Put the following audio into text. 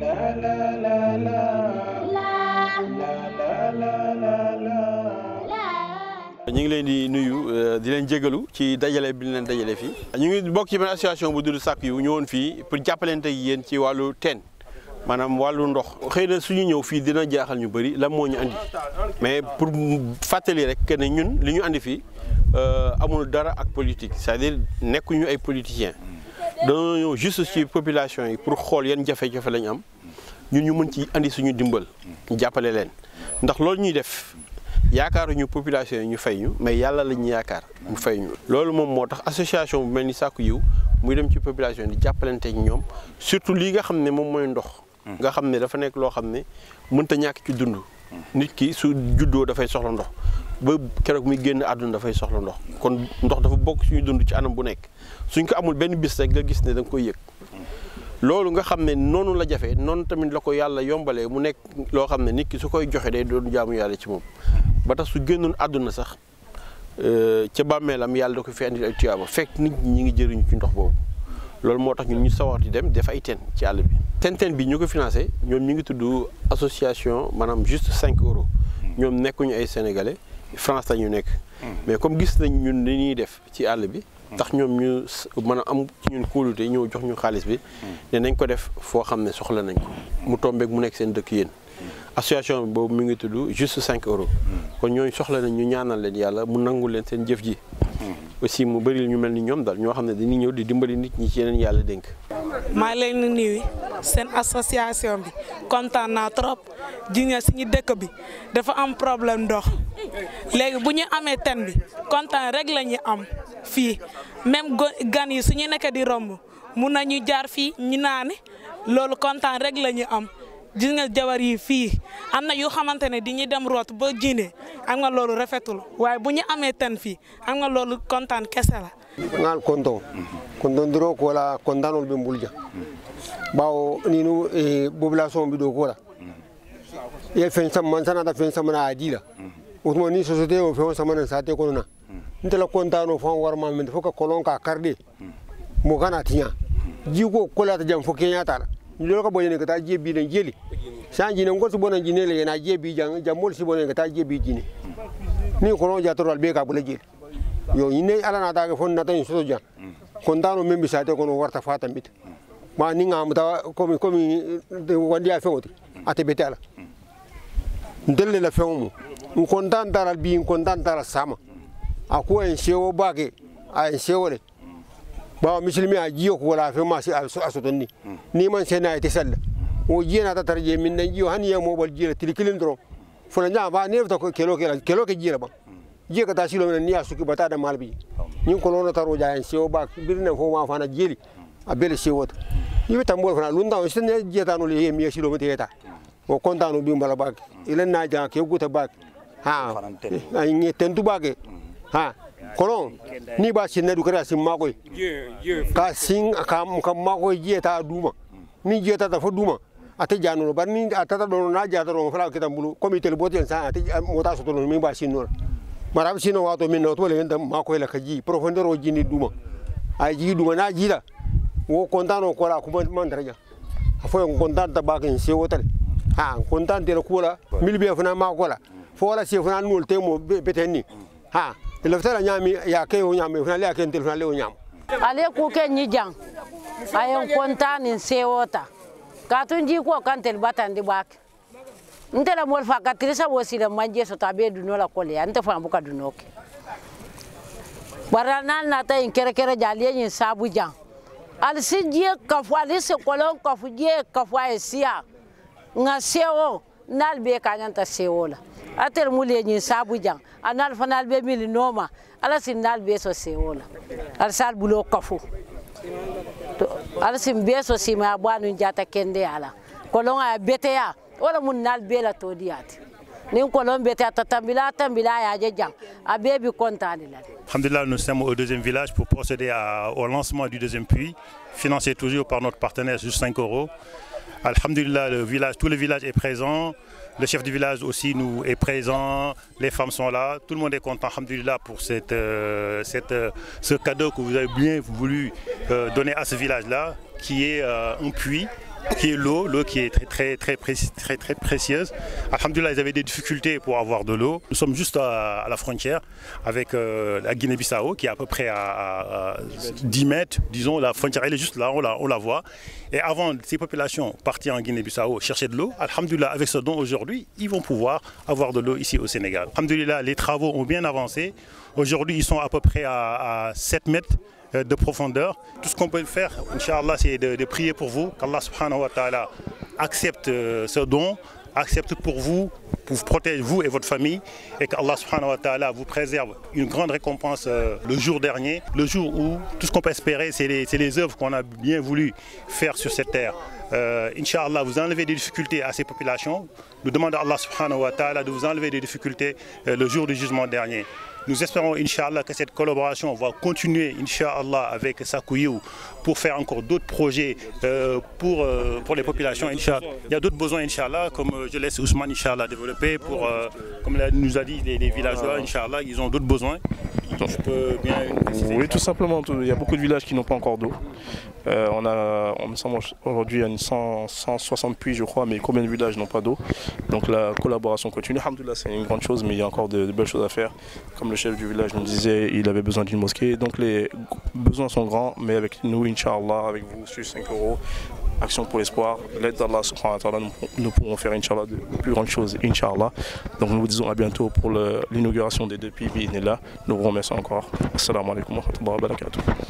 La ngi leen di nuyu euh, di leen jégalu ci dajale bi leen dajale fii ñu ngi bokk ci benn association bu tudd Sakk Yiw ñëwoon fii pour jàppalante yéen ci wàllu ten maanaam wàllu ndox xëy na suñu ñëw fii dina jaaxal ñu bëri lan moo ñu andi mais pour fàttali rek que ne ñun li ñu andi fii euh, amul dara ak politique c'est-à-dire nekkuñu ay politiciens dañoo ñëw juste ci population yi pour xool yan jafe-jafe lañ am ñu ñu mën ci indi suñu dimbal jàppale leen ndax loolu ñuy def yaakaar yaakaaruñu population yi ñu fay ñu mais yàlla lañu yaakaar mu fay ñu loolu moom moo tax association bu mel ni Sakku Yiw muy dem ci population di jàppalante ak ñoom surtout lii nga xam ne moom mooy ndox nga xam ne dafa nekk loo xam ne mënta ñàkk ci dund nit ki su juddoo dafay soxla ndox ba keroog muy génn àdduna dafay soxla ndox kon ndox dafa bokk suñu dund ci anam bu nekk suñ ko amul benn bis rek nga gis ne da koy yëg loolu nga xamné ne la jafé noonu tamit lako yalla yombalé mu nek lo xamné nit ki su koy joxe day doon jaamu yalla ci mom ba tax su génnoon aduna sax euh ci bamélam yalla dako fi andi ay tuyaaba fek nit ñi ngi jëriñ ci ndox bobu loolu motax ñun ñu sawar dem def ay ten ci yalla bi. ten ten bi ñu ko financé ñoom ñu ngi tudd association manam juste 5 euros ñoom nekkuñu ay sénégalais France la ñu nekk. Hmm. mais comme gis nañ ñun li ñuy def ci yalla bi. ndax ñoom ñu mën a am ci ñun kóolute ñëw jox ñu xaalis bi ne nañ ko def foo xam ne soxla nañ mu tombeek mu nekk seen dëkk yéen association bi boobu mi ngi tudd juste cinq euros kon ñooñu soxla nañ ñu ñaanal leen yàlla mu nangu leen seen jëf ji aussi mu bëri ñu mel ni ñoom daal ñoo xam ne dañuy ñëw di dimbali nit ñi ci yàlla dénk maa leen di nuyu seen association bi kontaan naa trop ji nga suñu dëkk bi dafa am problème ndox léegi bu ñu amee ten bi kontaan rek la am Fi, même gan yi suñu nekk di romb mu nañu jaar fi ñu naane lolu content rek lañu am gis nga jabar yi fi am na xamantene di ñi dem rot ba jiine am nga lolu rafetul waye bu ñu amé ten fi am nga lolu content kese la. ngal konto ndro ko la kontan bi mbulja bawo ninu nu e, population bi do ko la e fen sam man da fen na adila utmo ni societe o fen samana sate kono na ntela kontano fan warma men foka kolon ka kardi mo kana tinya jiko kola ta jam fo nya tara ndol ka boyene kata je bi ne jeli san jine ngol bona jine le na je bi jang jamol si bona kata je bi jine ni kolon ja toral be ka bula jeli yo ine ala na daga fon na tan so ja kontano men bi sa te kono warta fata mit ma ni ngam ta komi komi de wandi a fewti ate betala ndelle la fewmu nkontan taral bi nkontan taral sama aku an shewo bage an shewo ne ba a jiyo ko fe ma si asutun ni ni man sai na ita o jiya na ta je min nan jiyo han ya mo bal jiya tilkilin dro funa nya ba ne ta kelo kelo kelo ke jiya ba jiya ka ta shilo min ni asuki bata da malbi ni ko lono taro ja an ba birne ko ma fana jiri a bele shewo ta ni bi tambol lunda o sin ne ta no le mi shilo mi ta o konta no bi mbala ba ilan na ja ke guta ba ha an eh, tentu ba ke ha kolon ni ba sin na dukara sin makoi ka sin ka ka makoi je ta duma ni je ta ta fo duma ate janu bar ni ata ta don na ja ta ron fara kitan bulu komi tel botel sa ate mota so don mi ba sin no marab sin no wato min no to le nda makoi la kaji profondeur o jini duma ay ji duma na ji da wo kontano ko ra kuma man daraja afo yon kontan ta bakin se wotal ha kontan tel kula milbe fana makola fo la se fana nul temo betenni ha telefutera nyami yake ho nyami funale yake telefutale ho nyam ale ku ke nyi jang ayen kontani sewota katun ji ko kan tel batandi bak ntela mol fa katrisa wosile manje so tabe duno kole ya fa buka dunoke baranal na ta in kere kere jaliye sabu jang al sijie se kolon kafu je kafu ay siya kanyanta sewo atel mul ye ñin jang anal fanal be mili nooma ala sin be so wona al sal bulo kafu ala sin be so sima banu jata kende ala kolonga ya beteya wala mun nal be la todiyati ni kolon bete à Tatambila, Tambila et à Djedjan. Abébi content. Alhamdulillah, nous sommes au deuxième village pour procéder à, au lancement du deuxième puits, financé toujours par notre partenaire, juste 5 euros. Alhamdulillah, le village, tout le village est présent. Le chef du village aussi nous est présent. Les femmes sont là. Tout le monde est content, Alhamdulillah, pour cette, euh, cette, euh, ce cadeau que vous avez bien voulu euh, donner à ce village-là, qui est un puits qui est l'eau, l'eau qui est très très très, très, très précieuse. Alhamdulillah, ils avaient des difficultés pour avoir de l'eau. Nous sommes juste à, la frontière avec euh, la Guinée-Bissau qui est à peu près à, 10 mètres, disons, la frontière elle est juste là, on la, voit. Et avant, ces populations partaient en Guinée-Bissau chercher de l'eau, Alhamdulillah, avec ce don aujourd'hui, ils vont pouvoir avoir de l'eau ici au Sénégal. Alhamdulillah, les travaux ont bien avancé. Aujourd'hui, ils sont à peu près à, à 7 mètres euh, de profondeur. Tout ce qu'on peut faire, Inch'Allah, c'est de, prier pour vous, qu'Allah subhanahu wa ta'ala accepte euh, ce don, accepte pour vous, pour vous protéger vous et votre famille, et qu'Allah subhanahu wa ta'ala vous préserve une grande récompense euh, le jour dernier, le jour où tout ce qu'on peut espérer, c'est les, œuvres qu'on a bien voulu faire sur cette terre. Inch'Allah, vous enlevez des difficultés à ces populations. Nous demandons à Allah subhanahu wa ta'ala de vous enlever des difficultés le jour du jugement dernier. Nous espérons, Inch'Allah, que cette collaboration va continuer, inshallah avec Sakuyu pour faire encore d'autres projets euh, pour, euh, pour les populations, inshallah. Il y a d'autres besoins, Inch'Allah, comme euh, je laisse Ousmane, Inch'Allah, développer pour, comme nous a dit les, villageois, ils ont d'autres besoins. oui, tout simplement. Il y a beaucoup de villages qui n'ont pas encore d'eau. Euh, on a, on me semble aujourd'hui, une 160 puits, je crois, mais combien de villages n'ont pas d'eau Donc la collaboration continue. Alhamdoulilah, c'est une grande chose, mais il y a encore de, belles choses à faire. Comme le chef du village nous disait, il avait besoin d'une mosquée. Donc les besoins sont grands, mais avec nous, Inch'Allah, avec vous, sur 5 euros, Action pour l'espoir, l'aide d'Allah, nous pourrons faire, Inch'Allah, de plus grandes choses, Inch'Allah. Donc nous vous disons à bientôt pour l'inauguration des deux puits, là. Nous vous remercions encore. Assalamu alaikum wa rahmatullahi wa barakatuh.